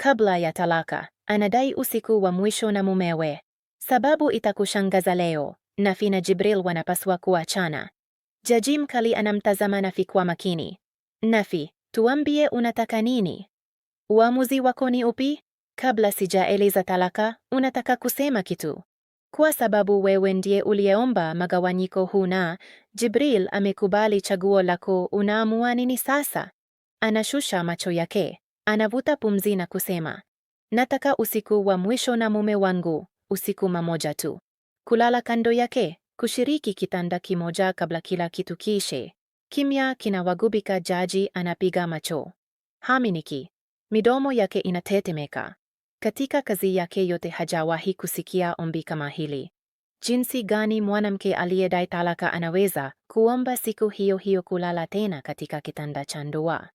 kabla ya talaka, anadai usiku wa mwisho na mumewe. Sababu itakushangaza leo, Nafi na Jibril wanapaswa kuachana. Jaji mkali anamtazama Nafi kwa makini. Nafi, tuambie unataka nini? Uamuzi wako ni upi? Kabla sijaeleza talaka, unataka kusema kitu? Kwa sababu wewe ndiye uliyeomba magawanyiko huu na Jibril amekubali chaguo lako, unaamua nini sasa? Anashusha macho yake. Anavuta pumzi na kusema, nataka usiku wa mwisho na mume wangu, usiku mmoja tu, kulala kando yake, kushiriki kitanda kimoja kabla kila kitu kiishe. Kimya kinawagubika. Jaji anapiga macho, haminiki, midomo yake inatetemeka. Katika kazi yake yote hajawahi kusikia ombi kama hili. Jinsi gani mwanamke aliyedai talaka anaweza kuomba siku hiyo hiyo kulala tena katika kitanda cha ndoa?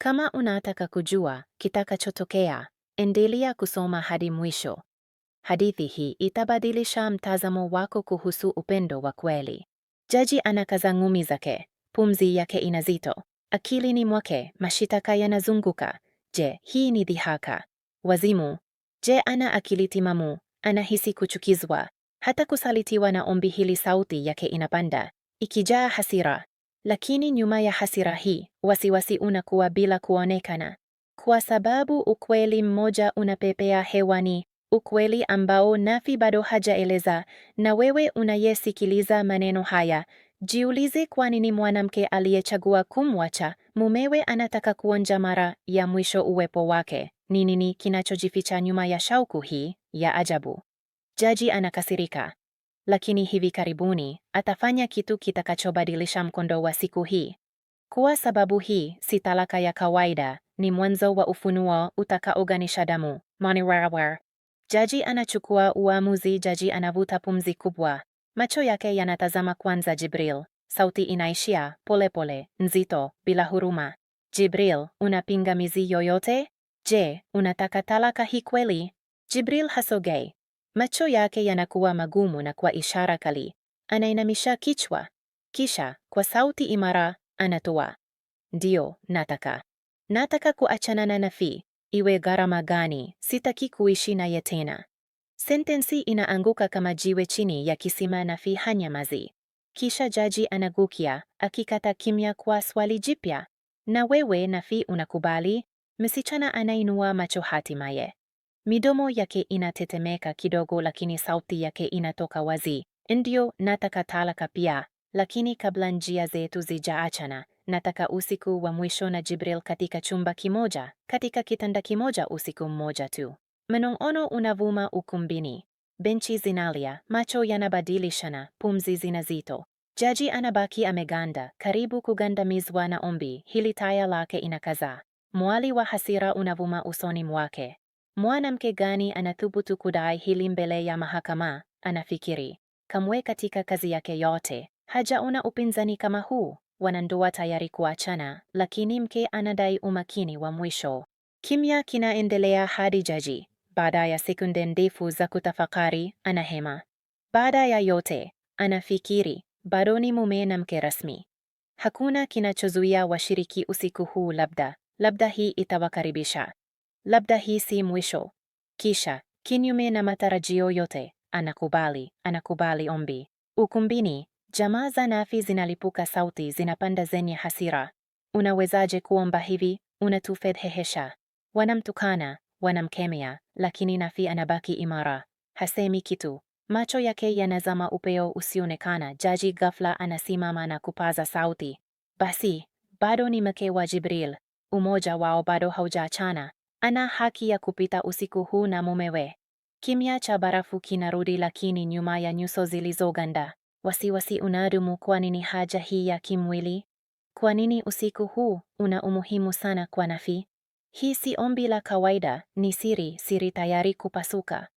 Kama unataka kujua kitakachotokea, endelea kusoma hadi mwisho. Hadithi hii itabadilisha mtazamo wako kuhusu upendo wa kweli. Jaji anakaza ngumi zake, pumzi yake inazito, akilini mwake mashitaka yanazunguka. Je, hii ni dhihaka? Wazimu? Je, ana akili timamu? Anahisi kuchukizwa, hata kusalitiwa na ombi hili. Sauti yake inapanda ikijaa hasira. Lakini nyuma ya hasira hii, wasiwasi unakuwa bila kuonekana, kwa sababu ukweli mmoja unapepea hewani, ukweli ambao Nafi bado hajaeleza. Na wewe unayesikiliza maneno haya, jiulize, kwa nini mwanamke aliyechagua kumwacha mumewe anataka kuonja mara ya mwisho uwepo wake? Ni nini kinachojificha nyuma ya shauku hii ya ajabu? Jaji anakasirika lakini hivi karibuni atafanya kitu kitakachobadilisha mkondo wa siku hii. Kwa sababu hii si talaka ya kawaida, ni mwanzo wa ufunuo utakaoganisha damu. Manirarwar. Jaji anachukua uamuzi. Jaji anavuta pumzi kubwa, macho yake yanatazama kwanza Jibril. Sauti inaishia polepole pole, nzito, bila huruma. Jibril, unapingamizi yoyote? Je, unataka talaka hii kweli? Jibril hasogei, Macho yake yanakuwa magumu na kwa ishara kali anainamisha kichwa, kisha kwa sauti imara anatoa, ndiyo, nataka nataka kuachanana na Nafi, iwe gharama gani, sitaki kuishi naye tena. Sentensi inaanguka kama jiwe chini ya kisima na Fi hanyamazi. Kisha jaji anagukia akikata kimya kwa swali jipya, na wewe na Fi unakubali? Msichana anainua macho hatimaye. Midomo yake inatetemeka kidogo, lakini sauti yake inatoka wazi. Ndio, nataka talaka pia, lakini kabla njia zetu zijaachana, nataka usiku wa mwisho na Jibril katika chumba kimoja, katika kitanda kimoja, usiku mmoja tu. Mnong'ono unavuma ukumbini, benchi zinalia, macho yanabadilishana, pumzi zinazito. Jaji anabaki ameganda, karibu kugandamizwa na ombi hili. Taya lake inakaza, mwali wa hasira unavuma usoni mwake. Mwanamke gani anathubutu kudai hili mbele ya mahakama? Anafikiri kamwe katika kazi yake yote hajaona upinzani kama huu. Wanandoa tayari kuachana, lakini mke anadai umakini wa mwisho. Kimya kinaendelea hadi jaji, baada ya sekunde ndefu za kutafakari, anahema. Baada ya yote, anafikiri bado ni mume na mke rasmi. Hakuna kinachozuia washiriki usiku huu, labda labda hii itawakaribisha labda hii si mwisho. Kisha kinyume na matarajio yote, anakubali, anakubali ombi. Ukumbini, jamaa za Nafi zinalipuka, sauti zinapanda zenye hasira. Unawezaje kuomba hivi? Unatufedhehesha. Wanamtukana, wanamkemea, lakini Nafi anabaki imara, hasemi kitu. Macho yake yanazama upeo usionekana. Jaji ghafla anasimama na kupaza sauti, basi bado ni mke wa Jibril, umoja wao bado haujachana. Ana haki ya kupita usiku huu na mumewe. Kimya cha barafu kinarudi, lakini nyuma ya nyuso zilizoganda wasiwasi unadumu. Kwa nini haja hii ya kimwili? Kwa nini usiku huu una umuhimu sana kwa Nafi? Hii si ombi la kawaida, ni siri, siri tayari kupasuka.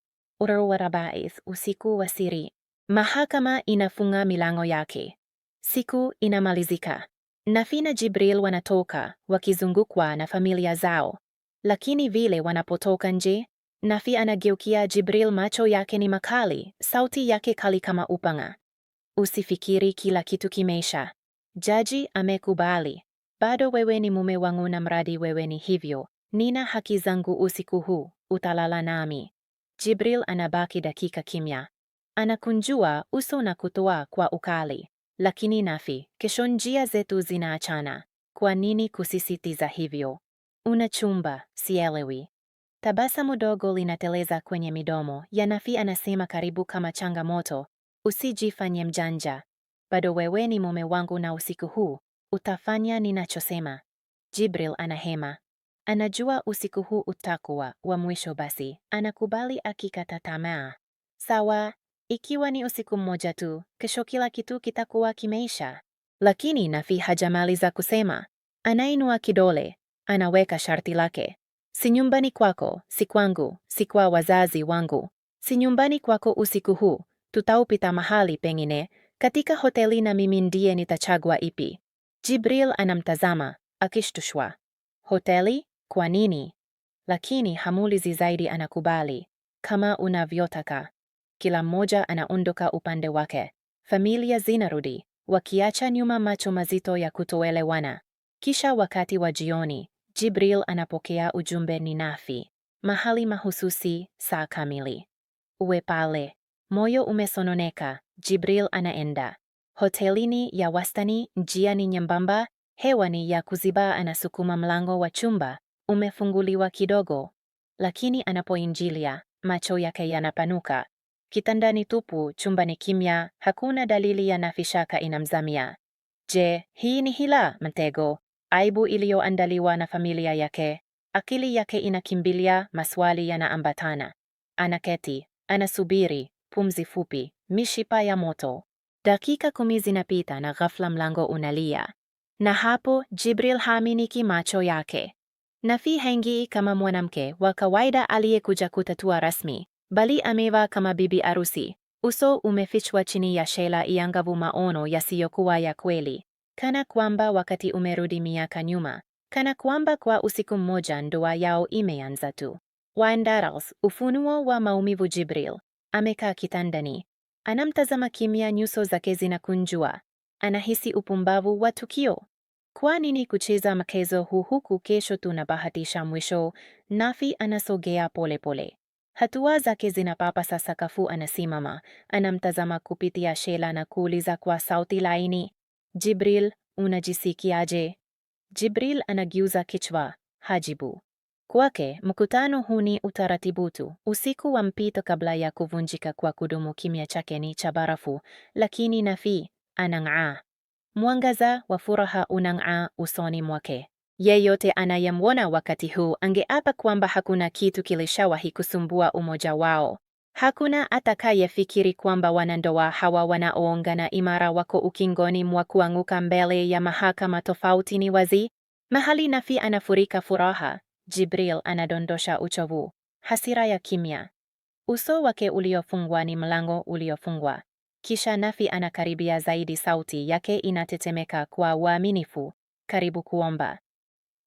Rabaith, usiku wa siri. Mahakama inafunga milango yake. Siku inamalizika. Nafi na Jibril wanatoka wakizungukwa na familia zao. Lakini vile wanapotoka nje, Nafi anageukia Jibril, macho yake ni makali, sauti yake kali kama upanga. Usifikiri kila kitu kimeisha. Jaji amekubali. Bado wewe ni mume wangu na mradi wewe ni hivyo, nina haki zangu usiku huu, utalala nami. Jibril anabaki dakika kimya. Anakunjua uso na kutoa kwa ukali. Lakini Nafi, kesho njia zetu zinaachana. Kwa nini kusisitiza hivyo? Una chumba, sielewi. Tabasamu dogo linateleza kwenye midomo ya Nafi. Anasema karibu kama changamoto, usijifanye mjanja, bado wewe ni mume wangu na usiku huu utafanya ninachosema. Jibril anahema, anajua usiku huu utakuwa wa mwisho, basi anakubali akikata tamaa. Sawa, ikiwa ni usiku mmoja tu, kesho kila kitu kitakuwa kimeisha. Lakini Nafi hajamaliza kusema, anainua kidole Anaweka sharti lake: si nyumbani kwako, si kwangu, si kwa wazazi wangu, si nyumbani kwako usiku huu. Tutaupita mahali pengine, katika hoteli, na mimi ndiye nitachagua ipi. Jibril anamtazama akishtushwa. Hoteli? Kwa nini? Lakini hamulizi zaidi, anakubali kama unavyotaka. Kila mmoja anaondoka upande wake. Familia zinarudi wakiacha nyuma macho mazito ya kutoelewana. Kisha wakati wa jioni, Jibril anapokea ujumbe ni nafi Mahali mahususi, saa kamili. Uwe pale. Moyo umesononeka, Jibril anaenda. Hotelini ya wastani, njia ni nyembamba, hewa ni ya kuzibaa. Anasukuma mlango wa chumba, umefunguliwa kidogo, lakini anapoinjilia macho yake yanapanuka. Kitanda ni tupu, chumba ni kimya, hakuna dalili ya nafishaka inamzamia. Je, hii ni hila, mtego aibu iliyoandaliwa na familia yake. Akili yake inakimbilia, maswali yanaambatana. Anaketi, anasubiri, pumzi fupi, mishipa ya moto. Dakika kumi zinapita na ghafla mlango unalia. Na hapo Jibril haaminiki macho yake. Nafi haingii kama mwanamke wa kawaida aliyekuja kutatua rasmi, bali amevaa kama bibi arusi. Uso umefichwa chini ya shela iangavu, maono yasiyokuwa ya kweli kana kwamba wakati umerudi miaka nyuma, kana kwamba kwa usiku mmoja ndoa yao imeanza tu. Wandaras, ufunuo wa maumivu. Jibril amekaa kitandani, anamtazama kimya, nyuso zake zinakunjua, anahisi upumbavu wa tukio. Kwa nini kucheza mchezo huu huku kesho tunabahatisha? Mwisho Nafi anasogea polepole, hatua zake zinapapasa sakafu. Anasimama, anamtazama kupitia shela na kuuliza kwa sauti laini, Jibril, unajisikiaje? Jibril anagiuza kichwa. Hajibu. Kwake mkutano huu ni utaratibu tu, usiku wa mpito kabla ya kuvunjika kwa kudumu. Kimya chake ni cha barafu, lakini Nafi anang'aa. Mwangaza wa furaha unang'aa usoni mwake. Yeyote anayemwona wakati huu angeapa kwamba hakuna kitu kilishawahi kusumbua umoja wao. Hakuna atakayefikiri kwamba wanandoa hawa wanaoungana imara wako ukingoni mwa kuanguka mbele ya mahakama. Tofauti ni wazi. Mahali Nafi anafurika furaha, Jibril anadondosha uchovu, hasira ya kimya. Uso wake uliofungwa ni mlango uliofungwa. Kisha Nafi anakaribia zaidi, sauti yake inatetemeka kwa uaminifu, karibu kuomba.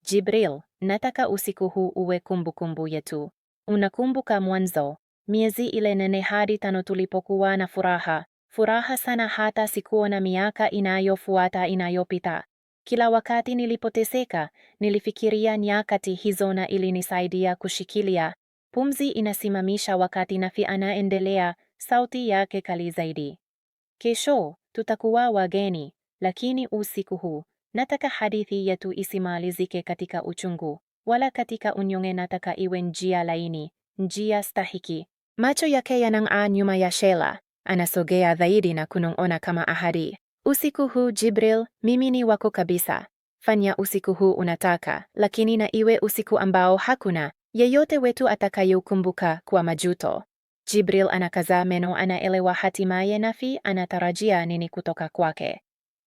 Jibril, nataka usiku huu uwe kumbukumbu kumbu yetu. Unakumbuka mwanzo, miezi ile nene hadi tano tulipokuwa na furaha furaha sana hata sikuona miaka inayofuata inayopita. Kila wakati nilipoteseka, nilifikiria nyakati hizo na ilinisaidia kushikilia. Pumzi inasimamisha wakati Nafi anaendelea, sauti yake kali zaidi. Kesho tutakuwa wageni, lakini usiku huu nataka hadithi yetu isimalizike katika uchungu wala katika unyonge. Nataka iwe njia laini, njia stahiki, Macho yake yanang'aa nyuma ya shela, anasogea zaidi na kunong'ona kama ahadi. Usiku huu Jibril, mimi ni wako kabisa. Fanya usiku huu unataka, lakini na iwe usiku ambao hakuna yeyote wetu atakayokumbuka kwa majuto. Jibril anakaza meno, anaelewa hatimaye Nafi anatarajia nini kutoka kwake.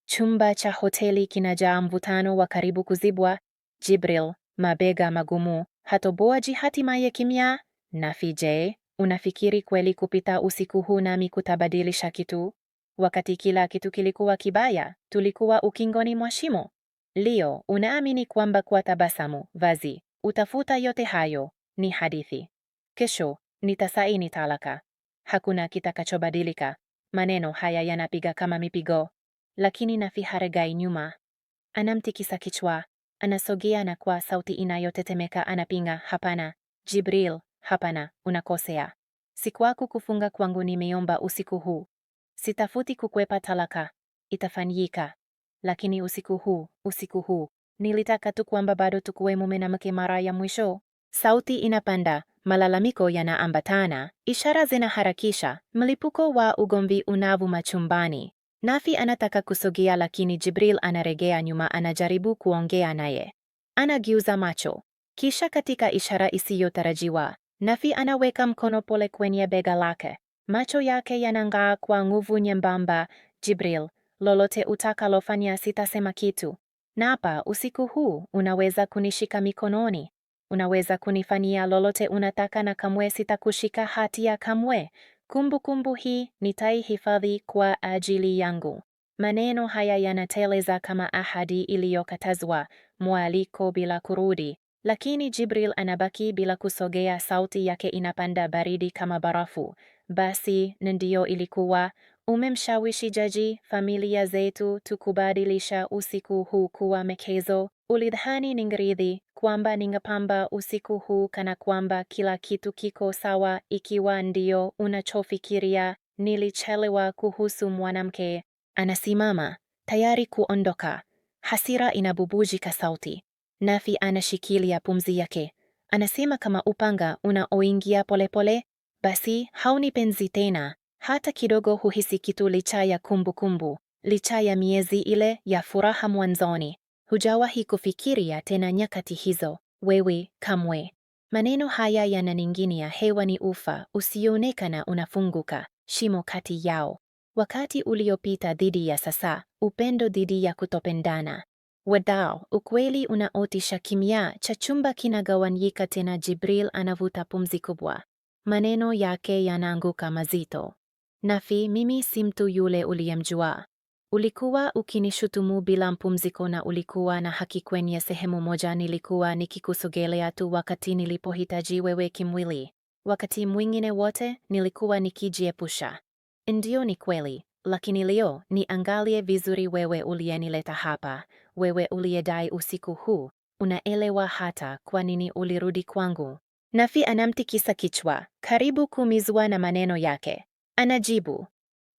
Chumba cha hoteli kinajaa mvutano wa karibu kuzibwa. Jibril, mabega magumu, hatoboaji hatimaye kimya? Nafi je? Unafikiri kweli kupita usiku huu nami kutabadilisha kitu? Wakati kila kitu kilikuwa kibaya, tulikuwa ukingoni mwa shimo. Leo unaamini kwamba kwa tabasamu, vazi, utafuta yote hayo, ni hadithi. Kesho nitasaini talaka. Hakuna kitakachobadilika. Maneno haya yanapiga kama mipigo, lakini Nafi haregai nyuma. Anamtikisa kichwa, anasogea na kwa sauti inayotetemeka anapinga, hapana, Jibril, Hapana, unakosea. kwaku kufunga kwangu, nimeomba usiku huu. Sitafuti kukwepa talaka, itafanyika. Lakini usiku huu, usiku huu, nilitaka tu kwamba bado tukuwe mume na mke mara ya mwisho. Sauti inapanda, malalamiko yanaambatana, ishara zinaharakisha, mlipuko wa ugomvi unavuma chumbani. Nafi anataka kusogea, lakini Jibril anaregea nyuma, anajaribu kuongea naye, Anagiuza macho, kisha katika ishara isiyotarajiwa Nafi anaweka mkono pole kwenye bega lake, macho yake yanang'aa kwa nguvu nyembamba. Jibril, lolote utakalofanya sitasema kitu. Naapa usiku huu unaweza kunishika mikononi, unaweza kunifanyia lolote unataka, na kamwe sitakushika hatia kamwe. Kumbukumbu kumbu hii nitaihifadhi kwa ajili yangu. Maneno haya yanateleza kama ahadi iliyokatazwa, mwaliko bila kurudi. Lakini Jibril anabaki bila kusogea, sauti yake inapanda baridi kama barafu. Basi ndiyo ilikuwa, umemshawishi jaji, familia zetu tukubadilisha usiku huu kuwa mekezo. Ulidhani ningeridhi kwamba ningepamba usiku huu kana kwamba kila kitu kiko sawa. Ikiwa ndiyo unachofikiria, nilichelewa kuhusu mwanamke. Anasimama tayari kuondoka, hasira inabubujika sauti Nafi anashikilia pumzi yake, anasema kama upanga unaoingia polepole, basi haunipenzi tena hata kidogo. Huhisi kitu licha ya kumbukumbu, licha ya miezi ile ya furaha mwanzoni. Hujawahi kufikiria tena nyakati hizo, wewe kamwe. Maneno haya yananinginia hewani, ufa usioonekana unafunguka, shimo kati yao, wakati uliopita dhidi ya sasa, upendo dhidi ya kutopendana, Wadau, ukweli unaotisha kimya cha chumba kinagawanyika tena. Jibril anavuta pumzi kubwa, maneno yake yanaanguka mazito. Nafi, mimi si mtu yule uliyemjua. Ulikuwa ukinishutumu bila mpumziko na ulikuwa na haki kwenye sehemu moja. Nilikuwa nikikusogelea tu wakati nilipohitaji wewe kimwili, wakati mwingine wote nilikuwa nikijiepusha. Ndio, ni kweli, lakini leo niangalie vizuri, wewe uliyenileta hapa wewe uliyedai usiku huu, unaelewa hata kwa nini ulirudi kwangu? Nafi anamtikisa kichwa, karibu kuumizwa na maneno yake. Anajibu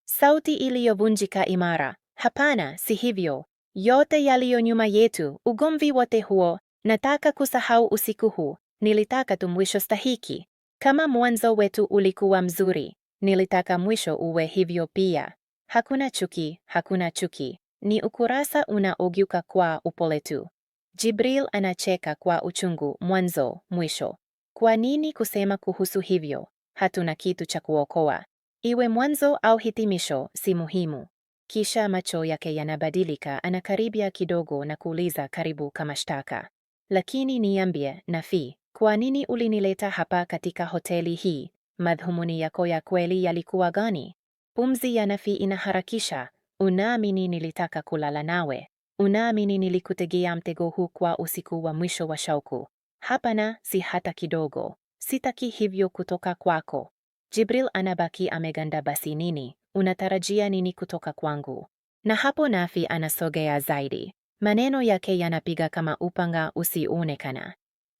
sauti iliyovunjika imara, hapana, si hivyo. Yote yaliyo nyuma yetu, ugomvi wote huo, nataka kusahau usiku huu. Nilitaka tu mwisho stahiki. Kama mwanzo wetu ulikuwa mzuri, nilitaka mwisho uwe hivyo pia. Hakuna chuki, hakuna chuki. Ni ukurasa unaogiuka kwa upole tu. Jibril anacheka kwa uchungu, mwanzo mwisho. Kwa nini kusema kuhusu hivyo? Hatuna kitu cha kuokoa, iwe mwanzo au hitimisho, si muhimu. Kisha macho yake yanabadilika, anakaribia kidogo na kuuliza, karibu kama shtaka, lakini niambie Nafi, kwa nini ulinileta hapa katika hoteli hii? Madhumuni yako ya kweli yalikuwa gani? Pumzi ya Nafi inaharakisha, Unaamini nilitaka kulala nawe? Unaamini nilikutegea mtego huu kwa usiku wa mwisho wa shauku? Hapana, si hata kidogo. Sitaki hivyo kutoka kwako. Jibril anabaki ameganda. Basi nini unatarajia nini kutoka kwangu? Na hapo Nafi anasogea zaidi, maneno yake yanapiga kama upanga usiuonekana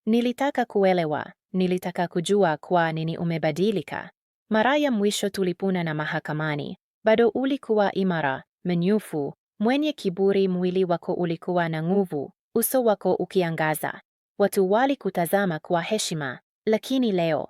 Nilitaka kuelewa, nilitaka kujua kwa nini umebadilika. Mara ya mwisho tulipuna na mahakamani, bado ulikuwa imara, mnyufu, mwenye kiburi. Mwili wako ulikuwa na nguvu, uso wako ukiangaza. Watu walikutazama kwa heshima. Lakini leo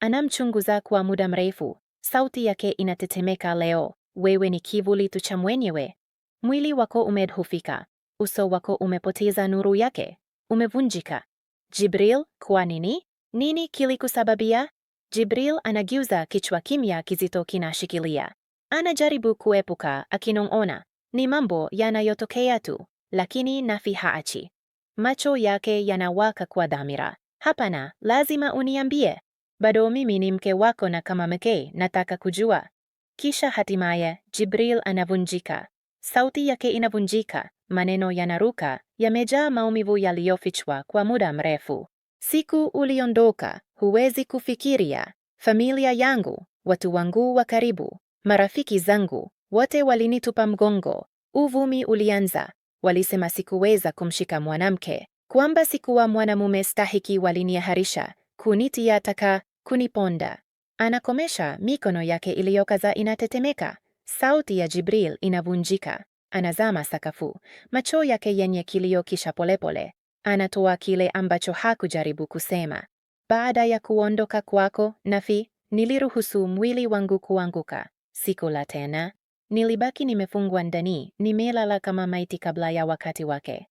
anamchunguza kwa muda mrefu, sauti yake inatetemeka. Leo wewe ni kivuli tu cha mwenyewe. Mwili wako umedhufika, uso wako umepoteza nuru yake, umevunjika. Jibril, kwa nini? Nini kilikusababia? Jibril anagiuza kichwa, kimya kizito kinashikilia. Anajaribu kuepuka akinong'ona, ni mambo yanayotokea tu, lakini Nafi haachi. Macho yake yanawaka kwa dhamira. Hapana, lazima uniambie, bado mimi ni mke wako, na kama mke nataka kujua. Kisha hatimaye Jibril anavunjika, sauti yake inavunjika, maneno yanaruka, yamejaa maumivu yaliyofichwa kwa muda mrefu. Siku uliondoka, huwezi kufikiria, familia yangu, watu wangu wa karibu, Marafiki zangu wote walinitupa mgongo. Uvumi ulianza. Walisema sikuweza kumshika mwanamke, kwamba sikuwa mwanamume stahiki. Waliniaharisha, kunitia taka, kuniponda. Anakomesha, mikono yake iliyokaza inatetemeka, sauti ya Jibril inavunjika. Anazama sakafu, macho yake yenye kilio, kisha polepole anatoa kile ambacho hakujaribu kusema. Baada ya kuondoka kwako, Nafi, niliruhusu mwili wangu kuanguka. Siku la tena nilibaki nimefungwa ndani, nimelala kama maiti kabla ya wakati wake.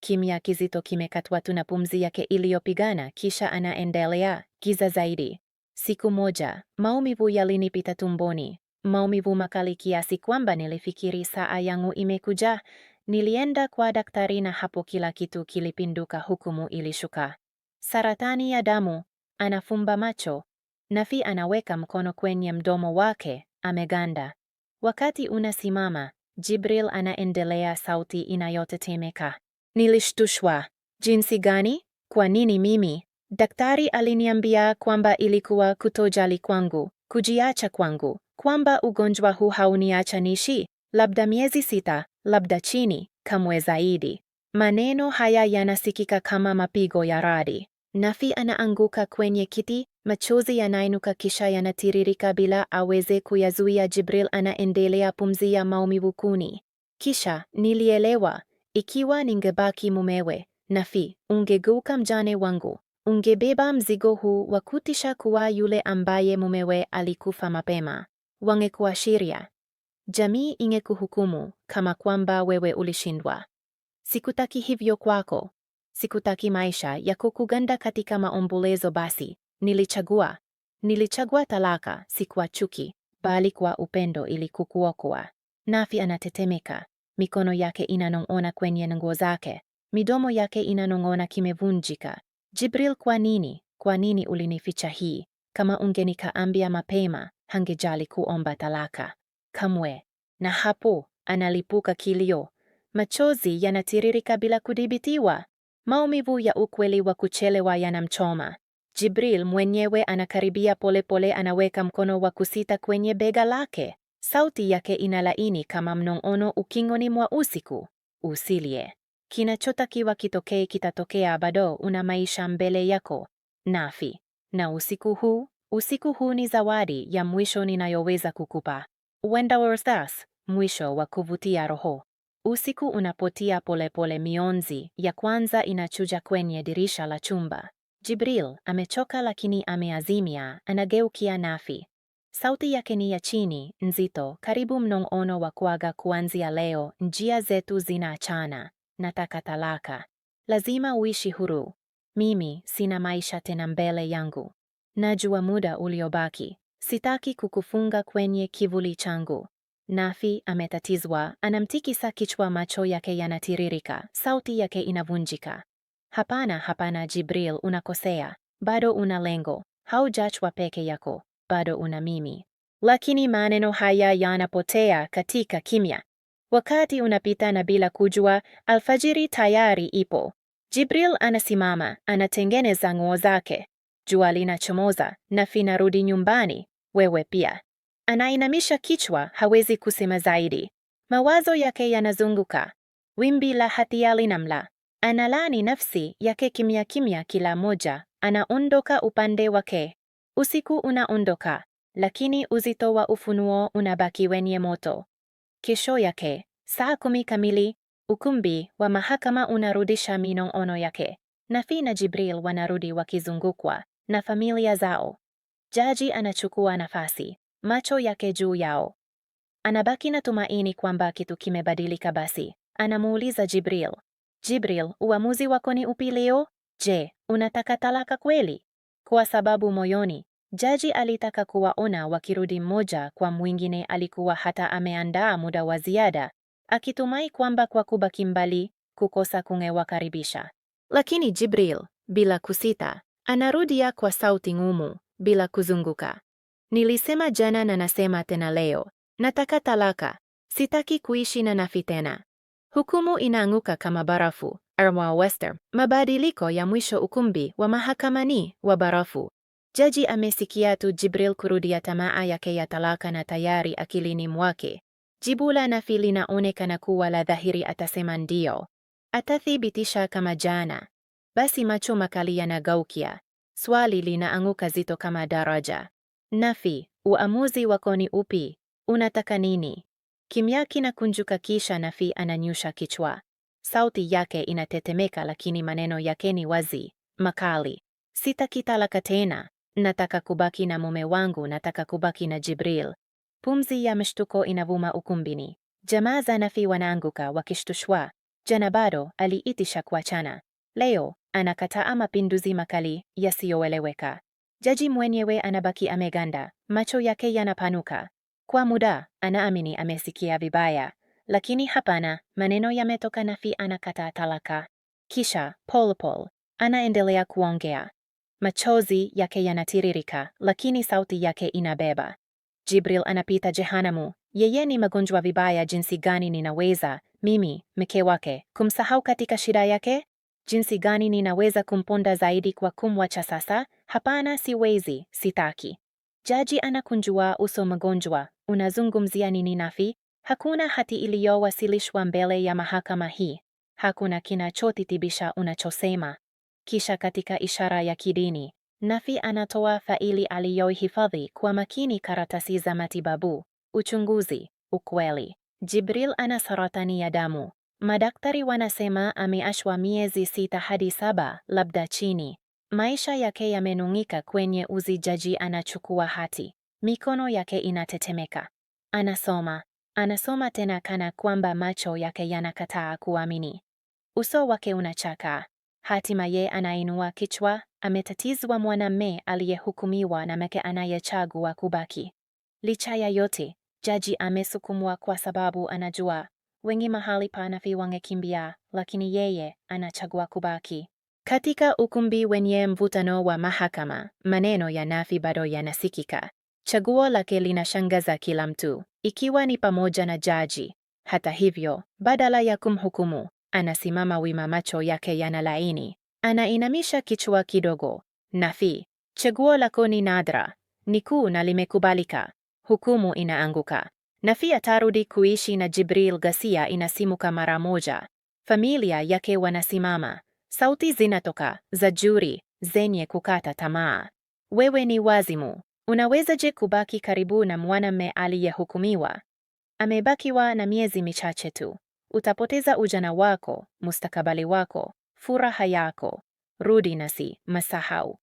Kimya kizito kimekatwa tu na pumzi yake iliyopigana, kisha anaendelea giza zaidi. Siku moja maumivu yalinipita tumboni, maumivu makali kiasi kwamba nilifikiri saa yangu imekuja. Nilienda kwa daktari na hapo kila kitu kilipinduka. Hukumu ilishuka: saratani ya damu. Anafumba macho. Nafi anaweka mkono kwenye mdomo wake, ameganda. Wakati unasimama, Jibril anaendelea, sauti inayotetemeka. Nilishtushwa. Jinsi gani? Kwa nini mimi? Daktari aliniambia kwamba ilikuwa kutojali kwangu, kujiacha kwangu, kwamba ugonjwa huu hauniacha nishi, labda miezi sita, labda chini, kamwe zaidi. Maneno haya yanasikika kama mapigo ya radi. Nafi anaanguka kwenye kiti, machozi yanainuka kisha yanatiririka bila aweze kuyazuia. Jibril anaendelea pumzi ya maumivu kuni. Kisha nilielewa, ikiwa ningebaki mumewe, Nafi, ungegeuka mjane wangu, ungebeba mzigo huu wa kutisha kuwa yule ambaye mumewe alikufa mapema. Wangekuashiria, jamii ingekuhukumu kama kwamba wewe ulishindwa. Sikutaki hivyo kwako. Sikutaki maisha ya kukuganda katika maombolezo. Basi nilichagua, nilichagua talaka, si kwa chuki, bali kwa upendo ili kukuokoa. Nafi anatetemeka, mikono yake inanong'ona kwenye nguo zake, midomo yake inanong'ona kimevunjika. Jibril, kwa nini, kwa nini ulinificha hii? Kama ungenikaambia mapema, hangejali kuomba talaka kamwe. Na hapo analipuka kilio, machozi yanatiririka bila kudhibitiwa. Maumivu ya ukweli wa kuchelewa yanamchoma. Jibril mwenyewe anakaribia polepole, anaweka mkono wa kusita kwenye bega lake. Sauti yake inalaini kama mnong'ono ukingoni mwa usiku. Usilie, kinachotakiwa kitokee kitatokea. Bado una maisha mbele yako, Nafi. Na usiku huu, usiku huu ni zawadi ya mwisho ninayoweza kukupa. Wenda mwisho wa kuvutia roho. Usiku unapotia polepole pole, mionzi ya kwanza inachuja kwenye dirisha la chumba. Jibril amechoka lakini ameazimia, anageukia Nafi. Sauti yake ni ya chini, nzito, karibu mnong'ono wa kuaga. Kuanzia leo njia zetu zinaachana. Nataka talaka. Lazima uishi huru. Mimi sina maisha tena mbele yangu. Najua muda uliobaki. Sitaki kukufunga kwenye kivuli changu. Nafi ametatizwa, anamtikisa kichwa, macho yake yanatiririka, sauti yake inavunjika. Hapana, hapana Jibril, unakosea. Bado una lengo, haujachwa peke yako, bado una mimi. Lakini maneno haya yanapotea katika kimya. Wakati unapita na bila kujua, alfajiri tayari ipo. Jibril anasimama, anatengeneza nguo zake. Jua linachomoza, Nafi narudi nyumbani, wewe pia. Anainamisha kichwa, hawezi kusema zaidi. Mawazo yake yanazunguka, wimbi la hatia linamla. analani nafsi yake kimya kimya, kila moja anaondoka upande wake. Usiku unaondoka, lakini uzito wa ufunuo unabaki wenye moto. Kesho yake saa kumi kamili, ukumbi wa mahakama unarudisha minong'ono yake. Nafi na Jibril wanarudi wakizungukwa na familia zao. Jaji anachukua nafasi, macho yake juu yao. Anabaki na tumaini kwamba kitu kimebadilika. Basi anamuuliza Jibril, Jibril, uamuzi wako ni upi leo? Je, unataka talaka kweli? Kwa sababu moyoni jaji alitaka kuwaona wakirudi mmoja kwa mwingine. Alikuwa hata ameandaa muda wa ziada, akitumai kwamba kwa kubaki mbali kukosa kungewakaribisha. Lakini Jibril bila kusita anarudia kwa sauti ngumu, bila kuzunguka, Nilisema jana na nasema tena leo, nataka talaka, sitaki kuishi na Nafi tena. Hukumu inaanguka kama barafu. Armagh Wester, Mabadiliko ya mwisho. Ukumbi wa mahakamani wa barafu. Jaji amesikia tu Jibril kurudia tamaa yake ya talaka, na tayari akilini mwake jibu la Nafi linaonekana kuwa la dhahiri. Atasema ndio, atathibitisha kama jana. Basi macho makali yanagaukia swali linaanguka zito kama daraja. Nafi, uamuzi wako ni upi? Unataka nini? Kimya kinakunjuka kisha Nafi ananyusha kichwa. Sauti yake inatetemeka lakini maneno yake ni wazi, makali. Sitaki talaka tena. Nataka kubaki na mume wangu, nataka kubaki na Jibril. Pumzi ya mshtuko inavuma ukumbini. Jamaa za Nafi wanaanguka wakishtushwa. Jana bado aliitisha kuachana, leo anakataa mapinduzi makali yasiyoeleweka. Jaji mwenyewe anabaki ameganda, macho yake yanapanuka. Kwa muda anaamini amesikia vibaya, lakini hapana, maneno yametoka. Nafi anakata talaka. Kisha polepole anaendelea kuongea, machozi yake yanatiririka, lakini sauti yake inabeba. Jibril anapita jehanamu. Yeye ni magonjwa vibaya. Jinsi gani ninaweza mimi, mke wake, kumsahau katika shida yake? Jinsi gani ninaweza kumponda zaidi kwa kumwacha sasa? Hapana, siwezi, sitaki. Jaji anakunjua uso mgonjwa. Unazungumzia nini Nafi? Hakuna hati iliyowasilishwa mbele ya mahakama hii. Hakuna kinachothibitisha unachosema. Kisha katika ishara ya kidini, Nafi anatoa faili aliyohifadhi kwa makini, karatasi za matibabu, uchunguzi, ukweli. Jibril ana saratani ya damu. Madaktari wanasema ameashwa miezi sita hadi saba, labda chini. Maisha yake yamenung'ika kwenye uzi jaji Anachukua hati, mikono yake inatetemeka. Anasoma, anasoma tena, kana kwamba macho yake yanakataa kuamini. Uso wake unachaka. Hatimaye anainua kichwa. Ametatizwa mwanamme aliyehukumiwa na mke anayechagua kubaki. Licha ya yote, jaji amesukumwa, kwa sababu anajua wengi mahali panafi wangekimbia, lakini yeye anachagua kubaki. Katika ukumbi wenye mvutano wa mahakama, maneno ya nafi bado yanasikika. Chaguo lake linashangaza kila mtu, ikiwa ni pamoja na jaji. Hata hivyo, badala ya kumhukumu, anasimama wima, macho yake yanalaini. Anainamisha kichwa kidogo. nafi chaguo lako ni nadra, ni kuu na limekubalika. Hukumu inaanguka. nafi atarudi kuishi na Jibril. Ghasia inasimuka mara moja. Familia yake wanasimama Sauti zinatoka za juri zenye kukata tamaa. Wewe ni wazimu, unawezaje kubaki karibu na mme aliyehukumiwa? Amebakiwa na miezi michache tu. Utapoteza ujana wako, mustakabali wako, furaha yako. Rudi nasi masahau.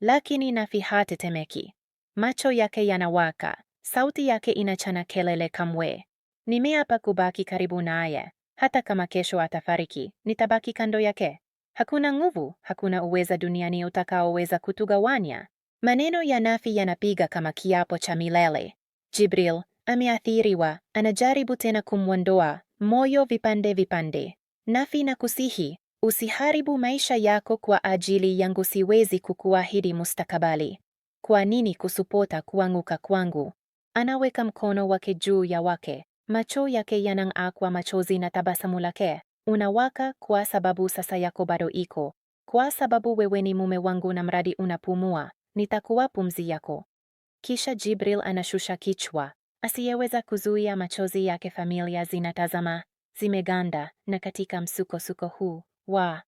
Lakini Nafi tetemeki macho yake yanawaka, sauti yake inachana kelele kamwe. Nimeapa kubaki karibu naye, hata kama kesho atafariki, nitabaki kando yake. Hakuna nguvu, hakuna uweza duniani utakaoweza kutugawanya. Maneno ya Nafi yanapiga kama kiapo cha milele. Jibril ameathiriwa, anajaribu tena kumwondoa moyo vipande vipande. Nafi, kusihi usiharibu maisha yako kwa ajili yangu, siwezi kukuahidi mustakabali. Kwa nini kusupota kuanguka kwangu? Anaweka mkono wake juu ya wake, macho yake yanang'aa kwa machozi na tabasamu lake Unawaka kwa sababu sasa yako bado iko. Kwa sababu wewe ni mume wangu na mradi unapumua, nitakuwa pumzi yako. Kisha Jibril anashusha kichwa, asiyeweza kuzuia machozi yake. Familia zinatazama zimeganda, na katika msukosuko huu wa